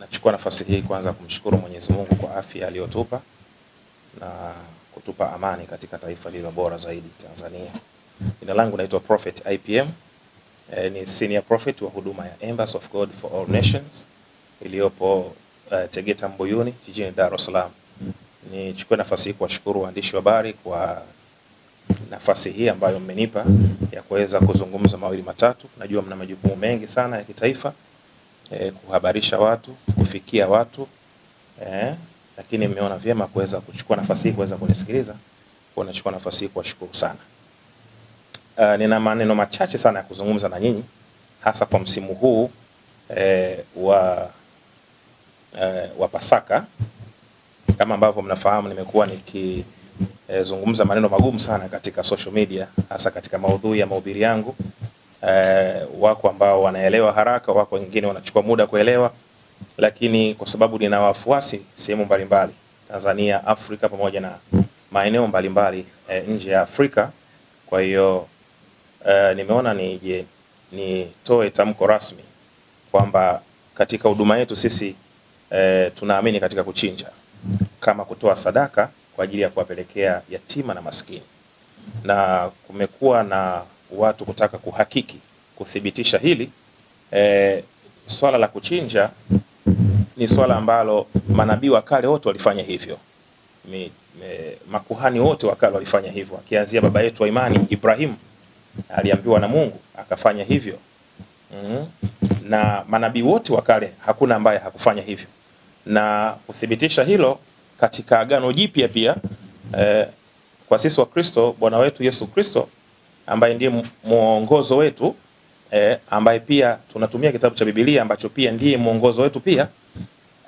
Nachukua nafasi hii kwanza kumshukuru Mwenyezi Mungu kwa afya aliyotupa na kutupa amani katika taifa lililo bora zaidi Tanzania. Jina langu naitwa Prophet IPM. E, eh, ni senior prophet wa huduma ya Embassy of God for All Nations iliyopo uh, Tegeta Mbuyuni jijini Dar es Salaam. Nichukue nafasi hii kuwashukuru waandishi wa habari kwa nafasi hii ambayo mmenipa ya kuweza kuzungumza mawili matatu. Najua mna majukumu mengi sana ya kitaifa eh, kuhabarisha watu, kufikia watu eh, lakini mmeona vyema kuweza kuchukua nafasi hii kuweza kunisikiliza. Kwa nachukua nafasi hii kuwashukuru sana. Uh, nina maneno machache sana ya kuzungumza na nyinyi hasa kwa msimu huu eh, wa eh, wa Pasaka. Kama ambavyo mnafahamu, nimekuwa nikizungumza eh, maneno magumu sana katika social media hasa katika maudhui ya mahubiri yangu eh, wako ambao wanaelewa haraka, wako wengine wanachukua muda kuelewa, lakini kwa sababu nina wafuasi sehemu mbalimbali Tanzania, Afrika pamoja na maeneo mbalimbali eh, nje ya Afrika. Kwa hiyo eh, nimeona nije nitoe tamko rasmi kwamba katika huduma yetu sisi eh, tunaamini katika kuchinja kama kutoa sadaka kwa ajili ya kuwapelekea yatima na maskini na kumekuwa na watu kutaka kuhakiki kuthibitisha hili e, swala la kuchinja ni swala ambalo manabii wa kale wote walifanya hivyo mi, me, makuhani wote wa kale walifanya hivyo, akianzia baba yetu wa imani Ibrahimu aliambiwa na Mungu akafanya hivyo mm -hmm. na manabii wote wa kale hakuna ambaye hakufanya hivyo, na kuthibitisha hilo katika Agano Jipya pia e, kwa sisi wa Kristo Bwana wetu Yesu Kristo ambaye ndiye mwongozo wetu eh, ambaye pia tunatumia kitabu cha Biblia ambacho pia ndiye mwongozo wetu pia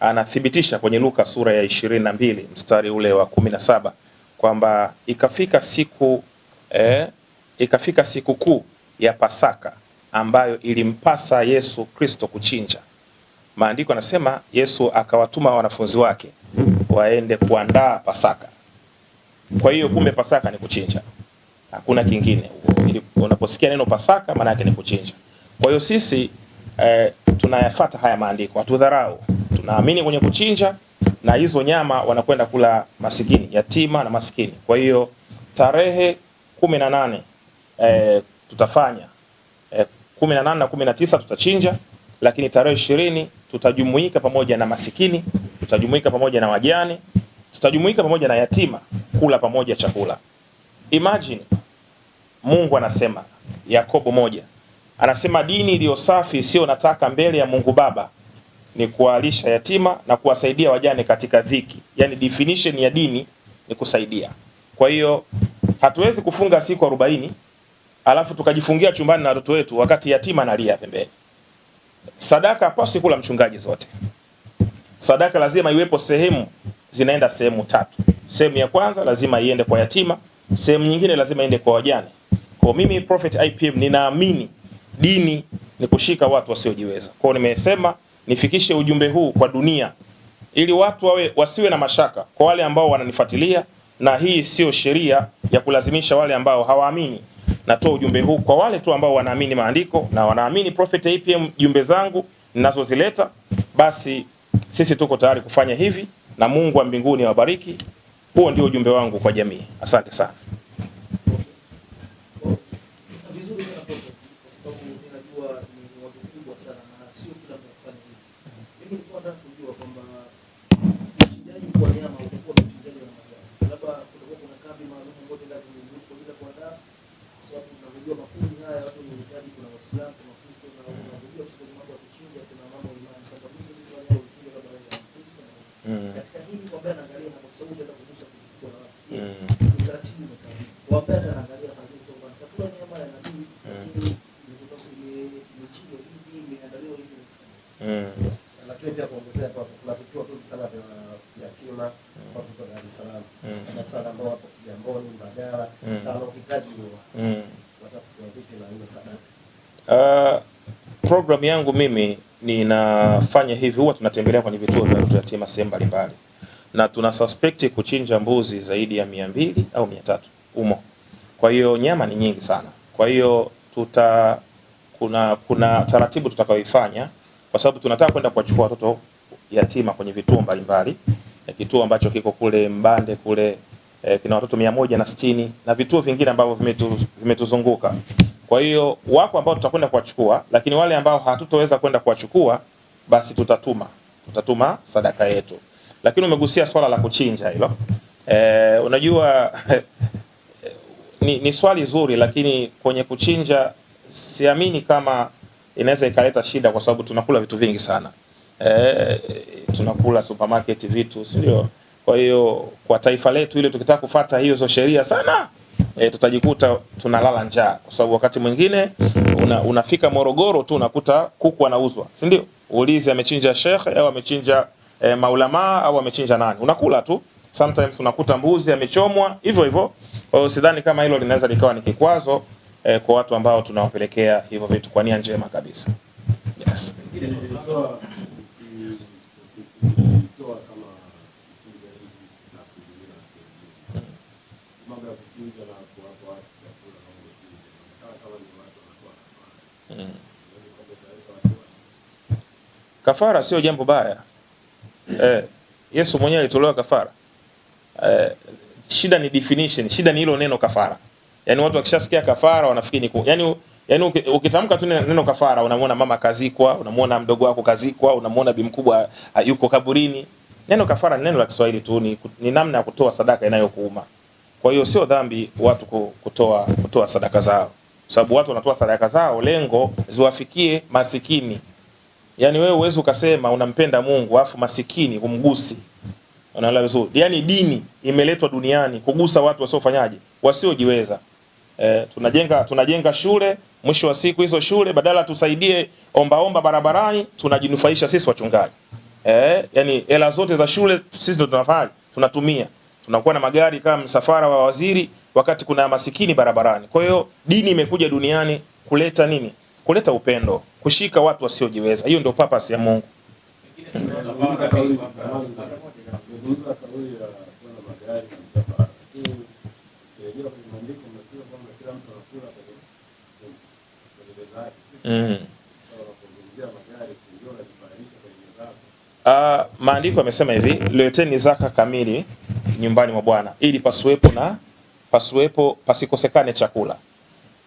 anathibitisha kwenye Luka sura ya ishirini na mbili mstari ule wa kumi na saba kwamba ikafika siku eh, ikafika siku kuu ya Pasaka ambayo ilimpasa Yesu Kristo kuchinja. Maandiko anasema Yesu akawatuma wanafunzi wake waende kuandaa Pasaka. Kwa hiyo kumbe Pasaka ni kuchinja, hakuna kingine ili unaposikia neno Pasaka maana yake ni kuchinja. Kwa hiyo sisi eh, tunayafuata haya maandiko, hatudharau, tunaamini kwenye kuchinja, na hizo nyama wanakwenda kula masikini, yatima na masikini. Kwa hiyo tarehe kumi na nane eh, tutafanya eh, kumi na nane na kumi na tisa tutachinja, lakini tarehe ishirini tutajumuika pamoja na masikini, tutajumuika pamoja na wajane, tutajumuika pamoja na yatima kula pamoja chakula. Imagine Mungu anasema Yakobo moja anasema dini iliyo safi sio nataka mbele ya Mungu Baba ni kuwalisha yatima na kuwasaidia wajane katika dhiki. Yaani definition ya dini ni kusaidia. Kwa hiyo hatuwezi kufunga siku arobaini alafu tukajifungia chumbani na watoto wetu wakati yatima analia pembeni. Sadaka hapaswi kula mchungaji zote. Sadaka lazima iwepo sehemu zinaenda sehemu tatu. Sehemu ya kwanza lazima iende kwa yatima, sehemu nyingine lazima iende kwa wajane. Kwa mimi Prophet IPM ninaamini dini ni kushika watu wasiojiweza. Kwa nimesema nifikishe ujumbe huu kwa dunia ili watu wawe wasiwe na mashaka kwa wale ambao wananifuatilia, na hii sio sheria ya kulazimisha wale ambao hawaamini. Natoa ujumbe huu kwa wale tu ambao wanaamini maandiko na wanaamini Prophet IPM jumbe zangu ninazozileta, basi sisi tuko tayari kufanya hivi, na Mungu wa mbinguni awabariki. Huo ndio ujumbe wangu kwa jamii. Asante sana. Mm. Uh, Programu yangu mimi ninafanya hivi, huwa tunatembelea kwenye vituo vya watoto yatima sehemu mbalimbali, na tuna suspect kuchinja mbuzi zaidi ya mia mbili au mia tatu umo. Kwa hiyo nyama ni nyingi sana, kwa hiyo tuta kuna kuna taratibu tutakayoifanya kwa sababu tunataka kwenda kuwachukua watoto yatima kwenye vituo mbalimbali mbali. E, kituo ambacho kiko kule Mbande kule eh, kina watoto mia moja na sitini na vituo vingine ambavyo vimetuzunguka vimetu. Kwa hiyo wako ambao tutakwenda kuwachukua, lakini wale ambao hatutoweza kwenda kuwachukua basi tutatuma tutatuma sadaka yetu. Lakini umegusia swala la kuchinja hilo eh, unajua ni, ni swali zuri, lakini kwenye kuchinja siamini kama inaweza ikaleta shida, kwa sababu tunakula vitu vingi sana e, tunakula supermarket vitu, si ndio? Kwa hiyo kwa taifa letu ile tukitaka kufata hizo sheria sana e, tutajikuta tunalala njaa, kwa sababu wakati mwingine una, unafika Morogoro tu unakuta kuku anauzwa, si ndio? Uulize amechinja shekhe au amechinja e, maulamaa au amechinja nani, unakula tu. Sometimes unakuta mbuzi amechomwa hivyo hivyo. Kwa hiyo sidhani kama hilo linaweza likawa ni kikwazo eh, kwa watu ambao tunawapelekea hivyo vitu kwa nia njema kabisa. Yes. Mm. Kafara sio jambo baya. Eh, Yesu mwenyewe alitolewa kafara. Eh, shida ni definition, shida ni hilo neno kafara. Yani watu wakishasikia kafara wanafikiri ni yani yani ukitamka tu neno kafara unamuona mama kazikwa, unamuona mdogo wako kazikwa, unamuona bi mkubwa yuko kaburini. Neno kafara ni neno la Kiswahili tu, ni, ni namna ya kutoa sadaka inayokuuma. Kwa hiyo sio dhambi watu kutoa kutoa sadaka zao. Sababu watu wanatoa sadaka zao lengo ziwafikie masikini. Yani wewe uweze ukasema unampenda Mungu afu masikini humgusi. Wanaelewa vizuri. Yani dini imeletwa duniani kugusa watu wasiofanyaje? Wasiojiweza. E, tunajenga tunajenga shule, mwisho wa siku hizo shule badala tusaidie ombaomba barabarani, tunajinufaisha sisi wachungaji. Eh, yani hela zote za shule sisi ndo tunafanya, tunatumia. Tunakuwa na magari kama msafara wa waziri wakati kuna masikini barabarani. Kwa hiyo dini imekuja duniani kuleta nini? Kuleta upendo, kushika watu wasiojiweza. Hiyo ndio purpose ya Mungu kauli ya kuwa na magari na msafara. Ukirejea eh, kwenye maandiko umesema kwamba kila mtu anakula kwenye meza mm-hmm. Uh, ah, maandiko yamesema hivi, leteni zaka kamili nyumbani mwa Bwana ili pasiwepo na pasiwepo pasikosekane chakula.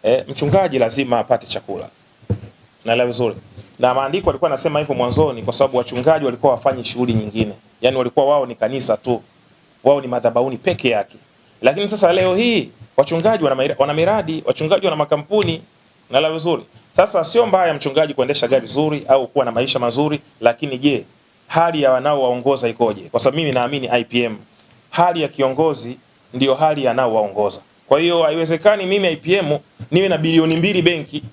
Eh, mchungaji lazima apate chakula. Naelewa vizuri. Na maandiko alikuwa anasema hivyo mwanzoni kwa sababu wachungaji walikuwa wafanyi shughuli nyingine yani walikuwa wao ni kanisa tu, wao ni madhabahuni peke yake. Lakini sasa leo hii wachungaji wana miradi, wachungaji wana makampuni na la vizuri. Sasa sio mbaya mchungaji kuendesha gari zuri au kuwa na maisha mazuri, lakini je, hali ya wanaowaongoza ikoje? Kwa sababu mimi naamini IPM, hali ya kiongozi ndiyo hali ya wanaowaongoza. Kwa hiyo haiwezekani mimi IPM niwe na bilioni mbili benki,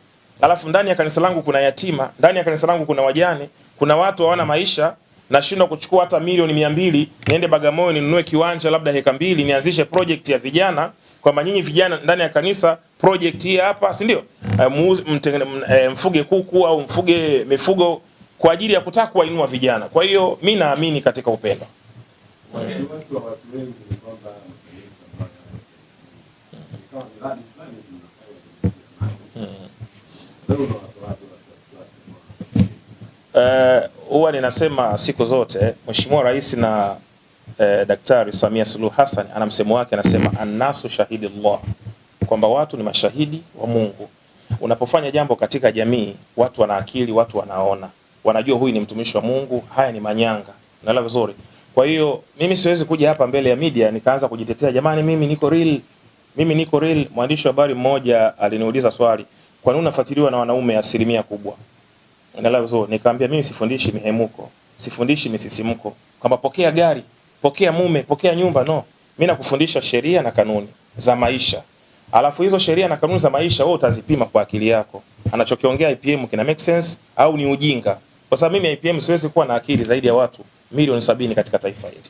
alafu ndani ya kanisa langu kuna yatima, ndani ya kanisa langu kuna wajane, kuna watu hawana maisha nashindwa kuchukua hata milioni mia mbili niende Bagamoyo ninunue kiwanja labda heka mbili nianzishe project ya vijana kwamba nyinyi vijana ndani ya kanisa project hii hapa, si ndio? Eh, eh, mfuge kuku au mfuge mifugo kwa ajili ya kutaka kuwainua vijana. Kwa hiyo mi naamini katika upendo uh, huwa ninasema siku zote Mheshimiwa Rais na eh, Daktari Samia Suluhu Hassan ana msemo wake, anasema annasu shahidi Allah, kwamba watu ni mashahidi wa Mungu. Unapofanya jambo katika jamii, watu wana akili, watu wanaona, wanajua huyu ni mtumishi wa Mungu, haya ni manyanga. Unaelewa vizuri. Kwa hiyo mimi siwezi kuja hapa mbele ya media nikaanza kujitetea, jamani, mimi niko real, mimi niko real. Mwandishi wa habari mmoja aliniuliza swali, kwa nini unafuatiliwa na wanaume asilimia kubwa? Unaelewa vizuri? Nikamwambia mimi sifundishi mihemuko, sifundishi misisimko. Kwamba pokea gari, pokea mume, pokea nyumba no. Mimi nakufundisha sheria na kanuni za maisha. Alafu hizo sheria na kanuni za maisha wewe utazipima kwa akili yako. Anachokiongea IPM kina make sense au ni ujinga? Kwa sababu mimi IPM siwezi kuwa na akili zaidi ya watu milioni sabini katika taifa hili.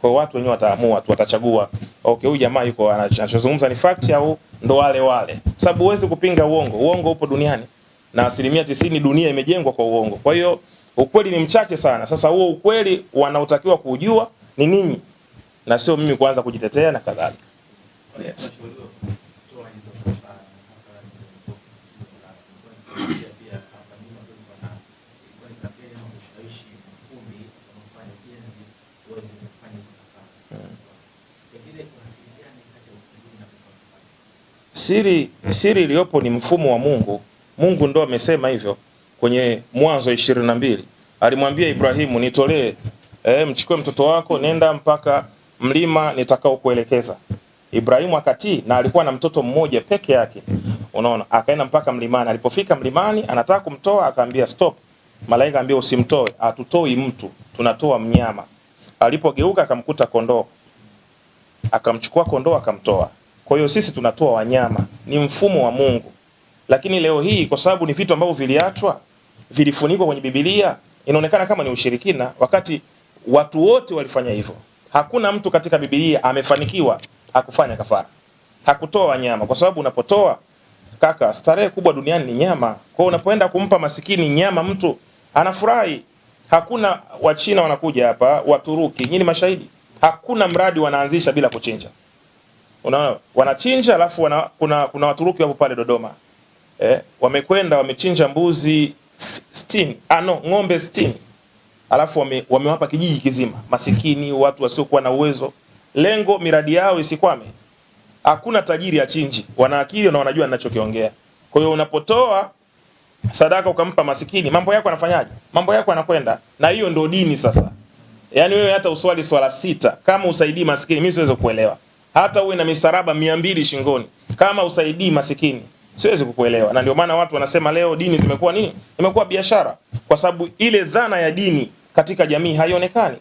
Kwa watu wenyewe wataamua tu, watachagua okay, huyu jamaa yuko anachozungumza ni fact au ndo wale wale, sababu huwezi kupinga uongo. Uongo upo duniani na asilimia tisini dunia imejengwa kwa uongo. Kwa hiyo ukweli ni mchache sana. Sasa huo ukweli wanaotakiwa kujua ni ninyi na sio mimi kuanza kujitetea na kadhalika. Yes. Siri, siri iliyopo ni mfumo wa Mungu Mungu ndo amesema hivyo kwenye Mwanzo ishirini na mbili. Alimwambia Ibrahimu, nitolee eh, mchukue mtoto wako nenda mpaka mlima nitakaokuelekeza. Ibrahimu akatii na alikuwa na mtoto mmoja peke yake. Unaona, akaenda mpaka mlimani. Alipofika mlimani, anataka kumtoa, akaambia stop. Malaika ambia usimtoe, hatutoi mtu, tunatoa mnyama. Alipogeuka akamkuta kondoo, akamchukua kondoo akamtoa. Kwa hiyo sisi tunatoa wanyama, ni mfumo wa Mungu. Lakini leo hii kwa sababu ni vitu ambavyo viliachwa, vilifunikwa kwenye Biblia, inaonekana kama ni ushirikina, wakati watu wote walifanya hivyo. Hakuna mtu katika Biblia amefanikiwa hakufanya kafara, hakutoa wanyama, kwa sababu unapotoa kaka, starehe kubwa duniani ni nyama. Kwa hiyo unapoenda kumpa masikini nyama, mtu anafurahi. Hakuna Wachina wanakuja hapa, Waturuki, nyinyi mashahidi, hakuna mradi wanaanzisha bila kuchinja. Unaona, wanachinja alafu wana, kuna, kuna Waturuki wapo pale Dodoma eh, wamekwenda wamechinja mbuzi sitini, ah no, ng'ombe sitini, alafu wame, wamewapa kijiji kizima, masikini, watu wasiokuwa na uwezo. Lengo miradi yao isikwame. Hakuna tajiri achinji, akili na wanajua ninachokiongea. Kwa hiyo unapotoa sadaka ukampa masikini, mambo yako yanafanyaje? Mambo yako yanakwenda, na hiyo ndio dini sasa. Yaani wewe hata uswali swala sita kama usaidii masikini, mimi siwezi kuelewa. Hata uwe na misaraba mia mbili shingoni kama usaidii masikini Siwezi kukuelewa. Na ndio maana watu wanasema leo dini zimekuwa nini? Imekuwa biashara, kwa sababu ile dhana ya dini katika jamii haionekani.